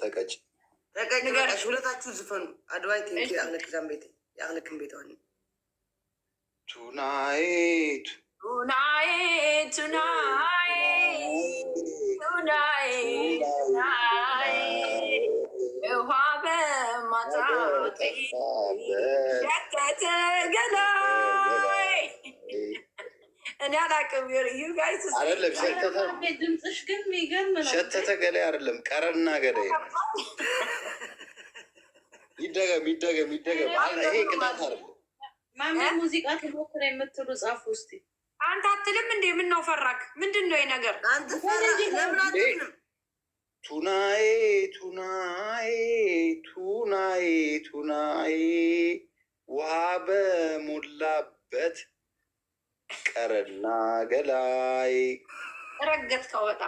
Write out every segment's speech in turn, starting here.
ተቀጭ ተቀጭ። ሁለታችሁ ዝፈኑ። አድዋይ ቴንኪ ያቅንቅዛን ቤት ያቅንቅን ቤት ዋን ቱናይት ቱናይት ቱናይት ቱናይት ውሃ በማጣቴ ሸከተ ገላ እኔ አላቅም። ድምፅሽ ግን የሚገርም ነው። ሸተተ ገላይ አይደለም ቀረና ገላይ ይደገም ይደገም ይደገም። ይሄ ቅጣት አይደለም። ሙዚቃ የምትሉ ጻፉ ውስጥ አንተ አትልም እንዴ? ምን ነው ፈራክ? ምንድን ነው ነገር ቱናዬ ቱናዬ ቱናዬ ቱናዬ ውሃ በሞላበት ቀረና ገላይ ረገት ከወጣ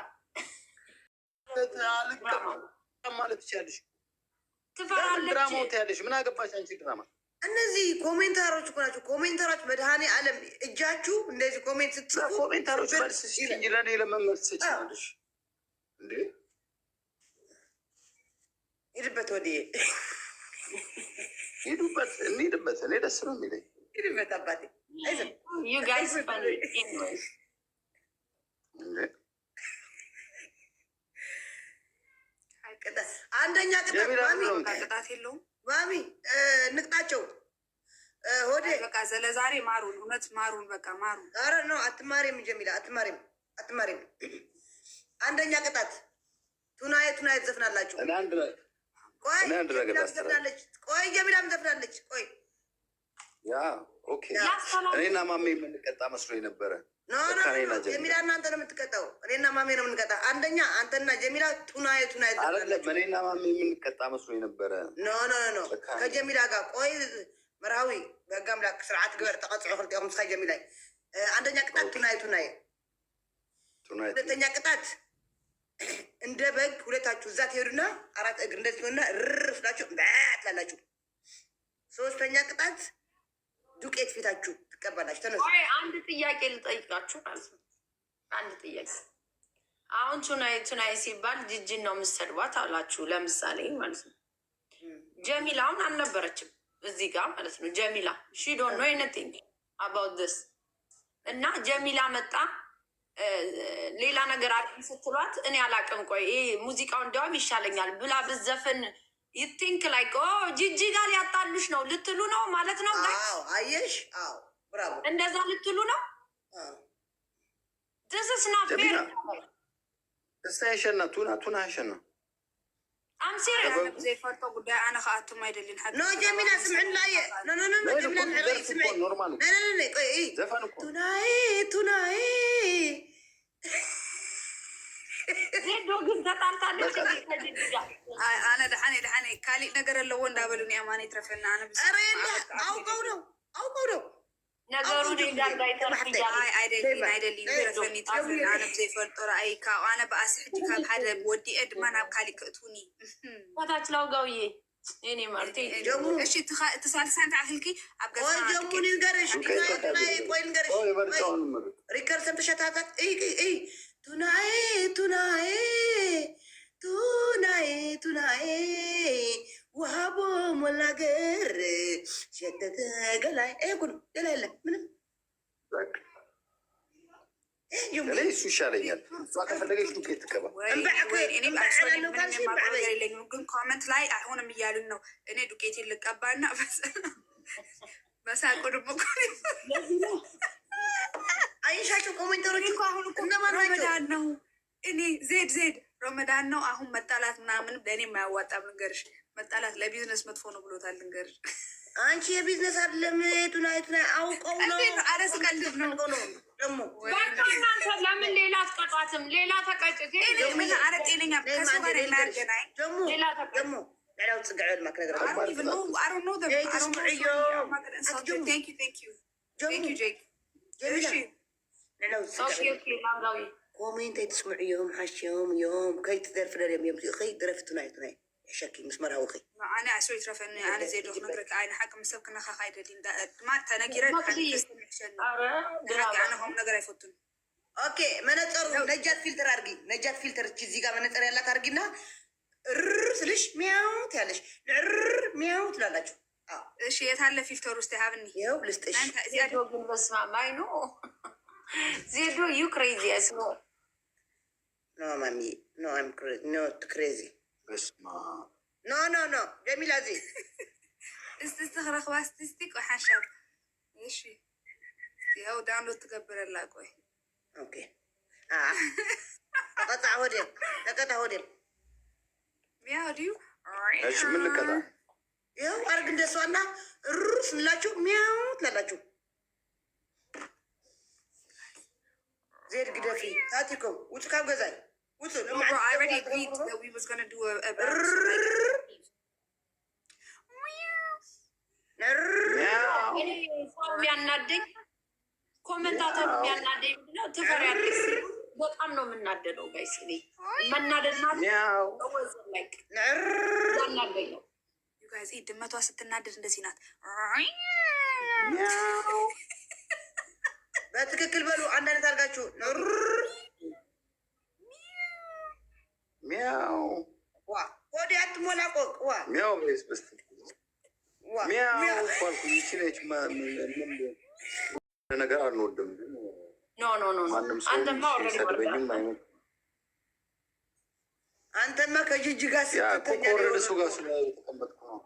እነዚህ ኮሜንታሮች እኮ ናቸው። ኮሜንታሮች መድኃኔ ዓለም እጃችሁ እንደዚህ ኮሜንት ሂድበት ሂዱበት፣ እንሂድበት። እኔ ደስ ነው የሚለኝ ሂድበት አባቴ አንደኛ ቅጣት ማሚ ንቅጣቸው። ሆዴ በቃ ለዛሬ ማሩን፣ እውነት ማሩን፣ በቃ ማሩን። ኧረ ነው አትማሪም፣ ጀሚላ አትማሪም፣ አትማሪም። አንደኛ ቅጣት ቱናዬ፣ ቱናዬ ትዘፍናላችሁ። ቆይ ጀሚላም ዘፍናለች። ቆይ እኔና ማሜ የምንቀጣ መስሎ የነበረ ጀሚላ እና አንተ ነው የምትቀጣው። እኔና ማሜ ነው የምንቀጣ። አንደኛ አንተና ጀሚላ ቱናየ ቱናዬ እኔና ማሜ የምንቀጣ መስሎ የነበረ ኖ ኖ ኖ ከጀሚላ ጋር ቆይ መርሃዊ በጋምላክ ስርዓት ግበር ተቀፅዑ ክልቲኦም ስካ ጀሚላይ አንደኛ ቅጣት ቱናየ ቱናየ፣ ሁለተኛ ቅጣት እንደ በግ ሁለታችሁ እዛ ትሄዱና አራት እግር እንደዚህ ሆና ርር ስላችሁ ትላላችሁ። ሶስተኛ ቅጣት ዱቄት ፊታችሁ ትቀባላችሁ። ተነሱ። አንድ ጥያቄ ልጠይቃችሁ አንድ ጥያቄ አሁን ቱናይ ቱናይ ሲባል ጅጅን ነው የምትሰድቧት አላችሁ፣ ለምሳሌ ማለት ነው። ጀሚላ አሁን አልነበረችም እዚህ ጋር ማለት ነው። ጀሚላ ሺዶ ነው ይነትኝ አባውት ደስ እና ጀሚላ መጣ ሌላ ነገር አቅም ስትሏት እኔ አላቅም ቆይ ይሄ ሙዚቃው እንዲያውም ይሻለኛል ብላ ብዘፍን ይቲንክ ላይ ላይክ ጂጂ ጋር ሊያጣሉሽ ነው ልትሉ ነው ማለት ነው። አየሽ? እንደዛ ልትሉ ነው። ስ ና ቱና ቱና ሸና ጀሚላ ዜዶ ግን ተጣልታለች። አነ ደሓኔ ደሓኔ ካሊእ ነገር ኣለዎ እንዳበሉን ኣማነ ይትረፈና። ኣነ አውቀው ነው አውቀው ነው ነገሩ ኣይደሊን ረፈኒ ትረፍን ኣነ ብዘይፈልጦ ረኣይ ካብ ኣነ ብኣስ ሕጂ ካብ ሓደ ወዲአ ድማ ናብ ካሊእ ክእትውኒ ታች ላውጋውዬ እኔ ማርቲ እሺ ትሳልሳን ተዓክልኪ ኣብ ገዛ ጀሙ ንገረሽ ቆይ ንገረሽ ሪከርድ ተንተሸታታት እይ እይ ቱናኤ ቱናኤ ቱናኤ ቱናኤ ዋቦ ሞላ ገር ሸተተ ገላይ ጉን ገላ የለም ምንም እሱ ይሻለኛል። ግን ኮመንት ላይ አሁንም እያሉን ነው። እኔ ዱቄት ልቀባና መሳቁ ድሞ አይሻቸው ኮሜንተሮች እኮ አሁን እኮ ረመዳን ነው። እኔ ዜድ ዜድ ረመዳን ነው። አሁን መጣላት ምናምን ለእኔ የማያዋጣም ልንገርሽ፣ መጣላት ለቢዝነስ መጥፎ ነው ብሎታል። ልንገርሽ አንቺ የቢዝነስ አይደለም የቱን አይቱን አውቀው ነው። ኧረ ስቀልድ ነው ደግሞ ለምን ሌላ አትቀጧትም? ሌላ ተቀጭ ኧረ ጤነኛ ከሰው ጋር የማያገናኝ ደግሞ ለውጥ ጽግዕል ማክነገር አሮ ኮሜንት ኣይትስምዑዮም ሓሽዮም እዮም ከይትደርፍና እዮም ከይትደረፍትና ይትናይ ሕሸኪ ምስ መርሃውኺ ኣነ ኣስበ ይትረፈኒ ኣነ ዘይደክ ነግረካ ኣይነ ሓቂ ምሰብ ክነኻኻ ይደልዩ ድማ ተነጊረ ሕሸኒ ኣነ ከም ነገር ኣይፈቱን ኦኬ መነፀሩ ነጃት ፊልተር አርጊ ነጃት ፊልተር እቺ እዚህ ጋር መነፀር ያላት አርጊና ርር ስልሽ ሚያው ትያለሽ ንዕርር ሚያው ትላላችሁ እሺ የታለ ፊልተር ውስጥ ይሃብኒ ይኸው ልስጥሽ እዚያ ዶግን በስማ ማይ ነው ዜዶ ዩ ክሬዚ አስ ኖ ማሚ ኖ አም ክሬዚ ኖ ኖ ኖ ጀሚላ እዚ እስቲ ስትክረክባ ስቲ ቆይ ሓንሻብ እሺ ያው ዳውንሎድ ትገብረላ ቆይ ኦኬ ቀጣ ሆዴል ተቀጣ ሆዴል ያው ድዩ እሺ ምን ልቀጣ ያው አርግ እንደሷና ሩፍ ንላችሁ ሚያው ትላላችሁ ዜድ ግደፊ ታቲኮ ውጭ ካብ ገዛይ የሚያናደኝ ኮመንታተር የሚያናደኝ ምንድነው? ትፈሪያለሽ። በጣም ነው የምናደደው ጋይስ። መናደድ ድመቷ ስትናደድ እንደዚህ ናት። በትክክል በሉ። አንድ አይነት አድርጋችሁ ሚያው ወዲ አትሞላ ቆቅዋ ሚያው ሚያው ነገር አንወድም። አንተማ ከጅጅ ጋር ስትተኛ ጋር ስለተቀመጥኩ ነው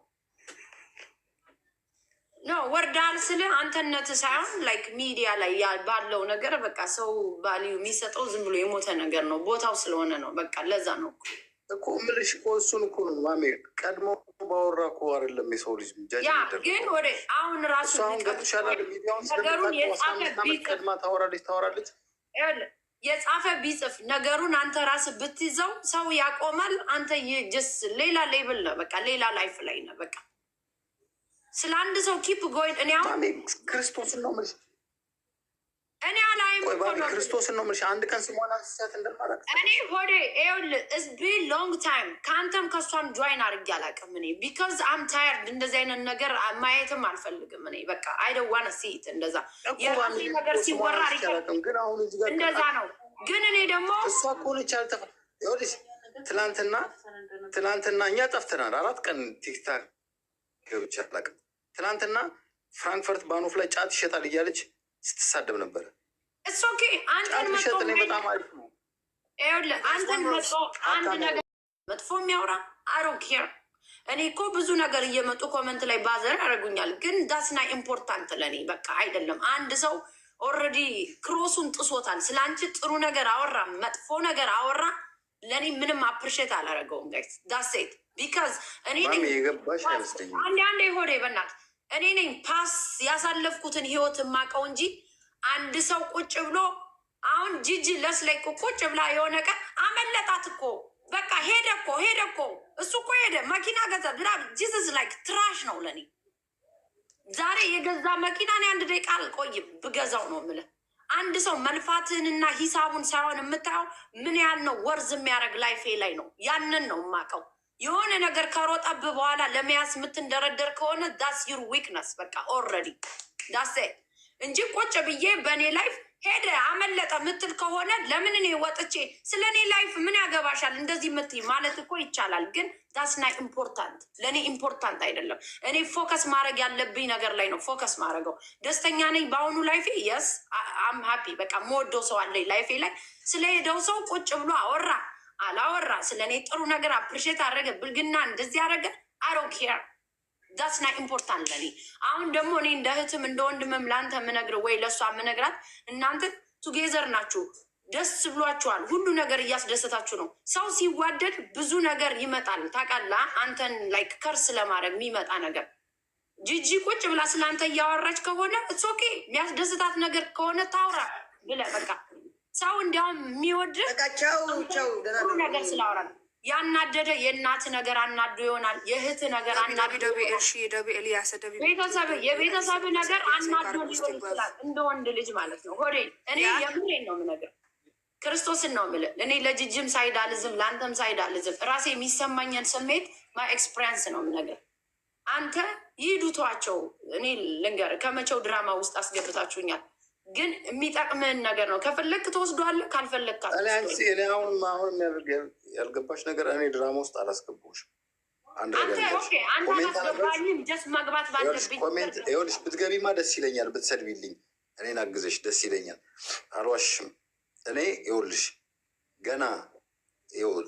ኖ ወርዳል ስለ አንተነት ሳይሆን ላይክ ሚዲያ ላይ ባለው ነገር በቃ ሰው ባልዩ የሚሰጠው ዝም ብሎ የሞተ ነገር ነው። ቦታው ስለሆነ ነው። በቃ ለዛ ነው እኮ ምልሽ እኮ እሱን እኮ ነው ማሜ ቀድሞ ባወራ እኮ አይደለም የሰው ልጅ ያ ግን ወደ አሁን ራሱ ቀድማ ታወራለች ታወራለች የጻፈ ቢጽፍ ነገሩን አንተ ራስ ብትይዘው ሰው ያቆማል። አንተ ጀስ ሌላ ሌብል ነህ። በቃ ሌላ ላይፍ ላይ ነህ። በቃ ስለ አንድ ሰው ኪፕ ጎይን እኔ አሁን ክርስቶስን ነው የምልሽ። እኔ አላይም ክርስቶስን ነው የምልሽ። አንድ ቀን ስሟን አንስሳት እኔ ሆዴ ይኸውልህ፣ ሎንግ ታይም ከአንተም ከእሷም ጆይን አድርጌ አላውቅም። እኔ ቢካዝ አም ታየርድ እንደዚህ አይነት ነገር ማየትም አልፈልግም። እኔ በቃ አይ ዶንት ዋን ሲት እንደዛ የራሴ ነገር ሲወራ እንደዛ ነው። ግን እኔ ደግሞ እሷ ትላንትና ትላንትና እኛ ጠፍተናል አራት ቀን ቲክታክ ገብቼ አላውቅም። ትናንትና ፍራንክፈርት ባኖፍ ላይ ጫት ይሸጣል እያለች ስትሳደብ ነበረ። ጫት መጥፎ የሚያወራ አሮን እኔ እኮ ብዙ ነገር እየመጡ ኮመንት ላይ ባዘር ያደርጉኛል፣ ግን ዳስና ኢምፖርታንት ለእኔ በቃ አይደለም። አንድ ሰው ኦልሬዲ ክሮሱን ጥሶታል። ስለ አንቺ ጥሩ ነገር አወራ፣ መጥፎ ነገር አወራ ለእኔ ምንም አፕሪሼት አላደረገውም። ጋይስ ዳሴት ቢካዝ እኔ አንድ አንድ የሆነ በናት እኔ ነኝ ፓስ ያሳለፍኩትን ህይወት የማውቀው እንጂ አንድ ሰው ቁጭ ብሎ አሁን ጂጂ ለስላይ ቁጭ ብላ የሆነ ቀን አመለጣት እኮ በቃ ሄደ እኮ ሄደ እኮ እሱ እኮ ሄደ መኪና ገዛ ብላ ጂዝስ ላይክ ትራሽ ነው ለኔ። ዛሬ የገዛ መኪና እኔ አንድ ደቂቃ አልቆይም ብገዛው ነው የምልህ አንድ ሰው መልፋትህንና ሂሳቡን ሳይሆን የምታየው ምን ያህል ነው ወርዝ የሚያደርግ ላይፌ ላይ ነው። ያንን ነው የማውቀው። የሆነ ነገር ከሮጠብ በኋላ ለመያዝ የምትንደረደር ከሆነ ዳስ ዩር ዊክነስ በቃ ኦልሬዲ ዳስ እንጂ ቁጭ ብዬ በእኔ ላይፍ ሄደ አመለጠ ምትል ከሆነ ለምን እኔ ወጥቼ ስለ እኔ ላይፍ ምን ያገባሻል እንደዚህ ምት ማለት እኮ ይቻላል ግን ዳስ ና ኢምፖርታንት ለእኔ ኢምፖርታንት አይደለም። እኔ ፎከስ ማድረግ ያለብኝ ነገር ላይ ነው ፎከስ ማድረገው። ደስተኛ ነኝ በአሁኑ ላይፌ። የስ አም ሀፒ በቃ መወደው ሰው አለኝ ላይፌ ላይ። ስለሄደው ሰው ቁጭ ብሎ አወራ አላወራ፣ ስለ እኔ ጥሩ ነገር አፕሪሼት አደረገ፣ ብልግና እንደዚህ አደረገ፣ አሮ ኬር ዳስ ና ኢምፖርታንት ለኔ። አሁን ደግሞ እኔ እንደ እህትም እንደ ወንድምም ለአንተ ምነግር ወይ ለእሷ ምነግራት እናንተ ቱጌዘር ናችሁ ደስ ብሏችኋል። ሁሉ ነገር እያስደሰታችሁ ነው። ሰው ሲዋደድ ብዙ ነገር ይመጣል። ታውቃላ አንተን ላይክ ከርስ ለማድረግ የሚመጣ ነገር ጂጂ ቁጭ ብላ ስለአንተ እያወራች ከሆነ እሶኬ የሚያስደስታት ነገር ከሆነ ታውራ ብለ በቃ ሰው እንዲያውም የሚወድ ነገር ስላወራ ያናደደ የእናት ነገር አናዱ ይሆናል። የእህት ነገር አናዱቤተሰብ የቤተሰብ ነገር አናዱ ሊሆን ይችላል። እንደ ወንድ ልጅ ማለት ነው። ሆዴ እኔ የምሬን ነው የምነግርህ ክርስቶስን ነው የምልህ። እኔ ለጅጅም ሳይድ አልዝም፣ ለአንተም ሳይድ አልዝም። ራሴ የሚሰማኝን ስሜት ማይ ኤክስፒሪንስ ነው የምነግርህ። አንተ ይሂዱቷቸው እኔ ልንገርህ፣ ከመቼው ድራማ ውስጥ አስገብታችሁኛል። ግን የሚጠቅምህን ነገር ነው። ከፈለክ ትወስዷለህ፣ ካልፈለክ አሁንም አሁን የሚያደርግ ያልገባሽ ነገር እኔ ድራማ ውስጥ አላስገባሁሽ። መግባት ባለብኝ ብትገቢማ ደስ ይለኛል፣ ብትሰድቢልኝ እኔን አግዘሽ ደስ ይለኛል። አልዋሽም እኔ ይኸውልሽ ገና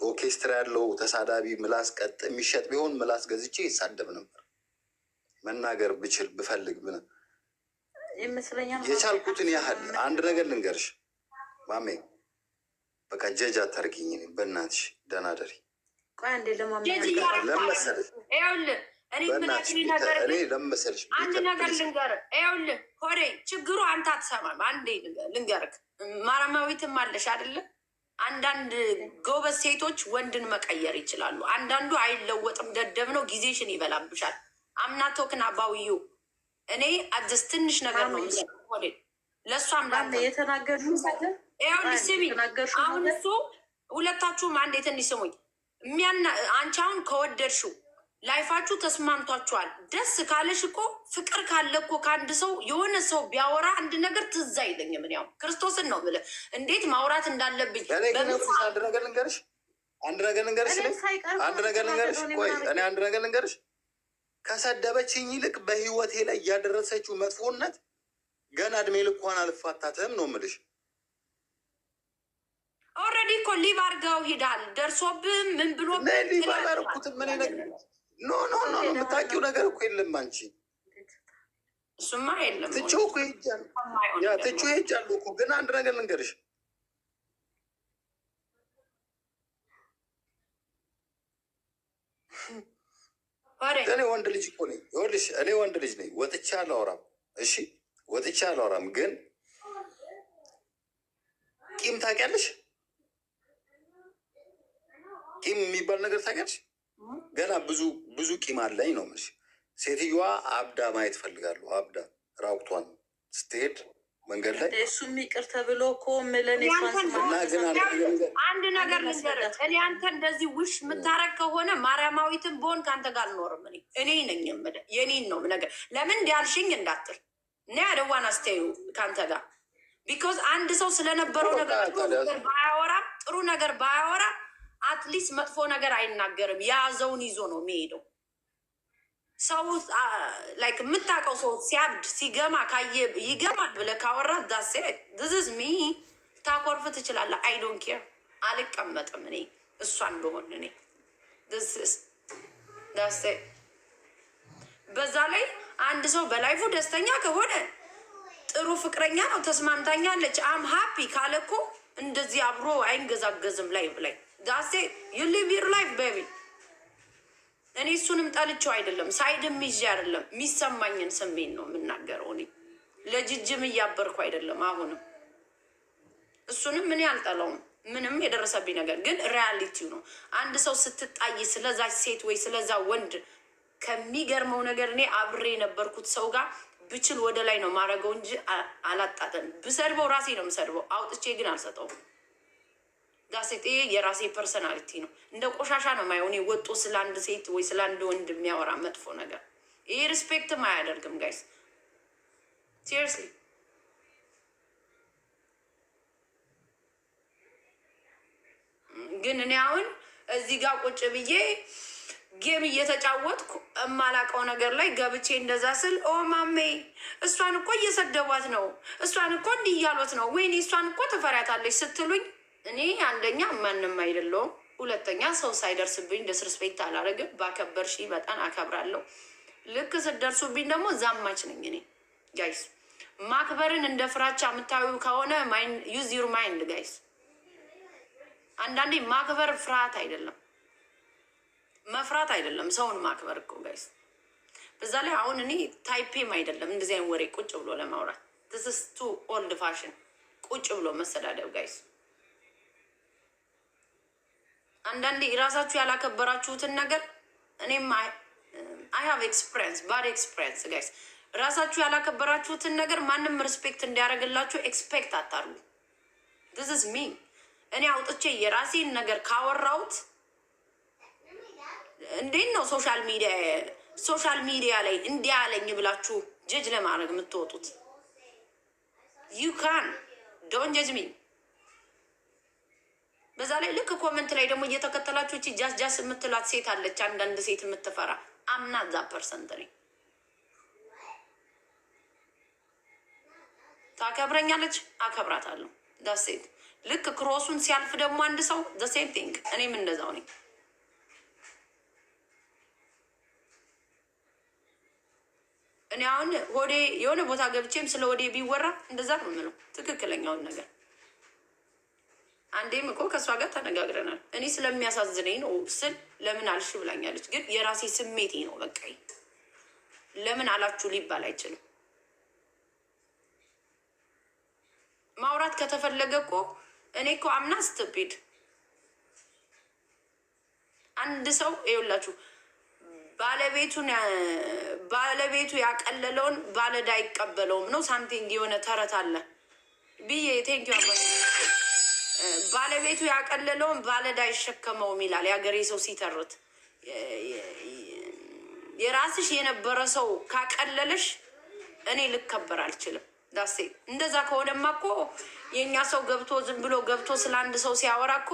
ኦርኬስትራ ያለው ተሳዳቢ ምላስ ቀጥ የሚሸጥ ቢሆን ምላስ ገዝቼ ይሳደብ ነበር። መናገር ብችል ብፈልግ ብን የቻልኩትን ያህል አንድ ነገር ልንገርሽ ማሜ፣ በቃ ጀጅ አታርጊኝ። በእናትሽ ደናደሪ ደሪ እኔ አንድ ነገር ልንገርህ፣ ይኸውልህ ሆዴ ችግሩ አንተ አትሰማም። አንዴ ልንገርህ፣ ማረማዊትም አለሽ አይደለ? አንዳንድ ጎበዝ ሴቶች ወንድን መቀየር ይችላሉ። አንዳንዱ አይለወጥም፣ ደደብ ነው፣ ጊዜሽን ይበላብሻል። አምናቶክን አባውዩ እኔ ትንሽ ነገር ነው ሆዴ ለእሱ የተናገር ይኸውልህ፣ አሁን እሱ ሁለታችሁም አንዴ ትንሽ ስሙኝ። አንቺ አሁን ከወደድሽው ላይፋችሁ ተስማምቷችኋል። ደስ ካለሽ እኮ ፍቅር ካለ እኮ ከአንድ ሰው የሆነ ሰው ቢያወራ አንድ ነገር ትዝ አይለኝም። ያው ክርስቶስን ነው የምልህ እንዴት ማውራት እንዳለብኝ አንድ ነገር ልንገርሽ አንድ ነገር ልንገርሽ አንድ ነገር ልንገርሽ ቆይ እኔ አንድ ነገር ልንገርሽ ከሰደበችኝ ይልቅ በህይወቴ ላይ ያደረሰችው መጥፎነት ገና እድሜ ልኳን አልፋታትም ነው የምልሽ። ኦልሬዲ እኮ ሊቭ አድርገው ሂዳል ደርሶብም ምን ብሎ ሊቭ አላደረኩትም ምን ኖ ኖ ኖ የምታውቂው ነገር እኮ የለም አንቺ። እሱማ የለም ትቼው እኮ ሄጃለሁ፣ ትቼው ሄጃለሁ እኮ። ግን አንድ ነገር ልንገርሽ እኔ ወንድ ልጅ እኮ ነኝ። ይኸውልሽ እኔ ወንድ ልጅ ነኝ። ወጥቼ አላወራም። እሺ ወጥቼ አላወራም። ግን ቂም ታውቂያለሽ? ቂም የሚባል ነገር ታውቂያለሽ? ገና ብዙ ብዙ ቂም አለኝ ነው የምልሽ። ሴትዮዋ አብዳ ማየት ፈልጋሉ። አብዳ ራቁቷን ስትሄድ መንገድ ላይ እሱም ይቅር ተብሎ እኮ ምለን አንድ ነገር ልንገርህ፣ እኔ አንተ እንደዚህ ውሽ የምታረግ ከሆነ ማርያማዊትን በሆን ከአንተ ጋር አልኖርም። እኔ እኔ ነኝ የምልህ የኔን ነው ነገር ለምን እንዲያልሽኝ እንዳትል እና ያደዋን አስተዩ ከአንተ ጋር ቢኮዝ አንድ ሰው ስለነበረው ነገር ጥሩ ነገር ባያወራ ጥሩ ነገር ባያወራ አትሊስት መጥፎ ነገር አይናገርም። የያዘውን ይዞ ነው የሚሄደው። ሰው ላይክ የምታውቀው ሰው ሲያብድ ሲገማ ካየ ይገማል ብለህ ካወራት ዳሴ ዝዝ ሚ ታኮርፍ ትችላለህ። አይ ዶንት ኬር አልቀመጥም እኔ እሷ እንደሆን እኔ ዳሴ። በዛ ላይ አንድ ሰው በላይፉ ደስተኛ ከሆነ ጥሩ ፍቅረኛ ነው ተስማምታኛለች አም ሀፒ ካለኮ እንደዚህ አብሮ አይንገዛገዝም ላይ ላይ ዳሴ ዩ ሊቭ ዩር ላይፍ ቤቢ። እኔ እሱንም ጠልቼው አይደለም ሳይድም ይዤ አይደለም የሚሰማኝን ስሜን ነው የምናገረው። እኔ ለጅጅም እያበርኩ አይደለም። አሁንም እሱንም እኔ አልጠላውም። ምንም የደረሰብኝ ነገር ግን ሪያሊቲው ነው። አንድ ሰው ስትጣይ ስለዛ ሴት ወይ ስለዛ ወንድ ከሚገርመው ነገር እኔ አብሬ የነበርኩት ሰው ጋር ብችል ወደ ላይ ነው ማድረገው እንጂ አላጣጠን። ብሰድበው ራሴ ነው የምሰድበው፣ አውጥቼ ግን አልሰጠውም። ጋዜጤ የራሴ ፐርሰናሊቲ ነው። እንደ ቆሻሻ ነው ማየው። እኔ ወጦ ስለ አንድ ሴት ወይ ስለ አንድ ወንድ የሚያወራ መጥፎ ነገር ይህ ሪስፔክትም አያደርግም ጋይስ ሲሪየስሊ። ግን እኔ አሁን እዚህ ጋር ቁጭ ብዬ ጌም እየተጫወትኩ እማላቀው ነገር ላይ ገብቼ እንደዛ ስል ኦ ማሜ እሷን እኮ እየሰደቧት ነው፣ እሷን እኮ እንዲህ እያሏት ነው፣ ወይኔ እሷን እኮ ትፈሪያታለች ስትሉኝ እኔ አንደኛ ማንም አይደለውም፣ ሁለተኛ ሰው ሳይደርስብኝ ዲስርስፔክት አላደርግም። ባከበርሽ በጣም አከብራለሁ። ልክ ስደርሱብኝ ደግሞ ዛማች ነኝ እኔ ጋይስ። ማክበርን እንደ ፍራቻ የምታዩ ከሆነ ዩዝ ዩር ማይንድ ጋይስ። አንዳንዴ ማክበር ፍርሃት አይደለም፣ መፍራት አይደለም፣ ሰውን ማክበር እኮ ጋይስ። በዛ ላይ አሁን እኔ ታይፔም አይደለም እንደዚህ አይነት ወሬ ቁጭ ብሎ ለማውራት ትስስቱ ኦልድ ፋሽን ቁጭ ብሎ መሰዳደብ ጋይስ አንዳንዴ ራሳችሁ ያላከበራችሁትን ነገር እኔም አይ ሀቭ ኤክስፕሪንስ ባድ ኤክስፕሪንስ ጋይስ። ራሳችሁ ያላከበራችሁትን ነገር ማንም ሪስፔክት እንዲያደርግላችሁ ኤክስፔክት አታርጉ። ዚስ ኢዝ ሚ። እኔ አውጥቼ የራሴን ነገር ካወራሁት እንዴት ነው ሶሻል ሚዲያ ሶሻል ሚዲያ ላይ እንዲህ አለኝ ብላችሁ ጀጅ ለማድረግ የምትወጡት? ዩ ካን ዶን ጀጅ ሚ በዛ ላይ ልክ ኮመንት ላይ ደግሞ እየተከተላችሁ እቺ ጃስ ጃስ የምትሏት ሴት አለች፣ አንዳንድ ሴት የምትፈራ አምና ዛ ፐርሰንት ነኝ። ታከብረኛለች፣ አከብራታለሁ። ዳሴት ልክ ክሮሱን ሲያልፍ ደግሞ አንድ ሰው ዘሴም ቲንግ እኔም እንደዛው ነኝ። እኔ አሁን ሆዴ የሆነ ቦታ ገብቼም ስለ ሆዴ ቢወራ እንደዛ ነው የምለው ትክክለኛውን ነገር አንዴም እኮ ከእሷ ጋር ተነጋግረናል። እኔ ስለሚያሳዝነኝ ነው ስል ለምን አልሽ ብላኛለች። ግን የራሴ ስሜቴ ነው በቃ። ለምን አላችሁ ሊባል አይችልም። ማውራት ከተፈለገ እኮ እኔ እኮ አምና ስትፒድ አንድ ሰው ይኸውላችሁ ባለቤቱን ባለቤቱ ያቀለለውን ባለዳ አይቀበለውም ነው ሳንቲንግ የሆነ ተረት አለ ብዬ ቴንኪ አባ ባለቤቱ ያቀለለውን ባለዕዳ አይሸከመውም ይላል የሀገሬ ሰው ሲተርት። የራስሽ የነበረ ሰው ካቀለለሽ እኔ ልከበር አልችልም። ዳሴ እንደዛ ከሆነማ እኮ የእኛ ሰው ገብቶ ዝም ብሎ ገብቶ ስለ አንድ ሰው ሲያወራ እኮ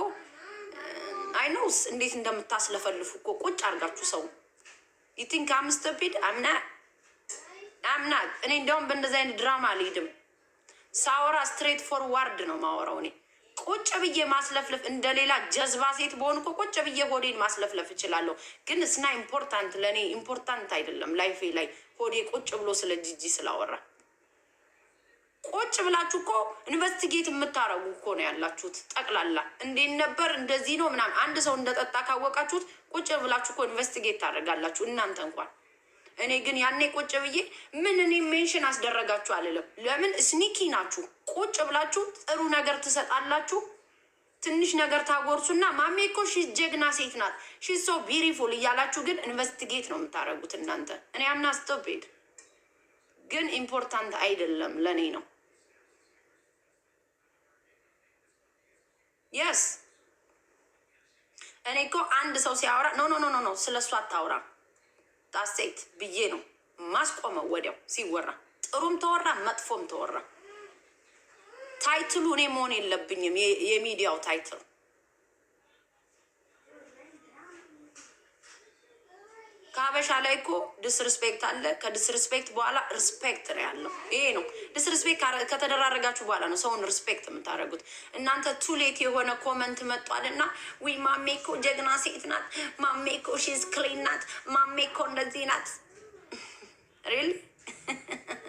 አይነውስ እንዴት እንደምታስለፈልፉ እኮ ቁጭ አድርጋችሁ ሰው ይቲን ከአምስት ቢድ አምና አምና እኔ እንዲያውም በእንደዚ አይነት ድራማ አልሄድም። ሳወራ ስትሬት ፎርዋርድ ነው ማወራው እኔ ቁጭ ብዬ ማስለፍለፍ እንደሌላ ጀዝባ ሴት በሆን እኮ ቁጭ ብዬ ሆዴን ማስለፍለፍ እችላለሁ። ግን እስና ኢምፖርታንት ለእኔ ኢምፖርታንት አይደለም። ላይፌ ላይ ሆዴ ቁጭ ብሎ ስለ ጂጂ ስላወራ ቁጭ ብላችሁ እኮ ኢንቨስቲጌት የምታረጉ እኮ ነው ያላችሁት። ጠቅላላ እንዴት ነበር እንደዚህ ነው ምናምን አንድ ሰው እንደጠጣ ካወቃችሁት ቁጭ ብላችሁ እኮ ኢንቨስቲጌት ታደርጋላችሁ እናንተ እንኳን እኔ ግን ያኔ ቁጭ ብዬ ምን እኔ ሜንሽን አስደረጋችሁ አልልም። ለምን ስኒኪ ናችሁ። ቁጭ ብላችሁ ጥሩ ነገር ትሰጣላችሁ፣ ትንሽ ነገር ታጎርሱና ማሜ እኮ ሺ ጀግና ሴት ናት ሺ ሶ ቢሪፉል እያላችሁ ግን ኢንቨስቲጌት ነው የምታደርጉት እናንተ። እኔ አምና ስቶፔድ ግን ኢምፖርታንት አይደለም ለእኔ ነው የስ እኔ እኮ አንድ ሰው ሲያወራ ኖ ኖ ኖ ኖ ስለ እሱ አታውራ አስተያየት ብዬ ነው ማስቆመው። ወዲያው ሲወራ ጥሩም ተወራ መጥፎም ተወራ ታይትሉ እኔ መሆን የለብኝም የሚዲያው ታይትል ከሀበሻ ላይ እኮ ዲስሪስፔክት አለ። ከዲስሪስፔክት በኋላ ሪስፔክት ነው ያለው። ይሄ ነው ዲስሪስፔክት። ከተደራረጋችሁ በኋላ ነው ሰውን ሪስፔክት የምታደርጉት። እናንተ ቱሌት የሆነ ኮመንት መጧል እና ዊ ማሜ እኮ ጀግና ሴት ናት፣ ማሜ እኮ ሺዝ ክሊን ናት፣ ማሜ እኮ እንደዚህ ናት። ሪል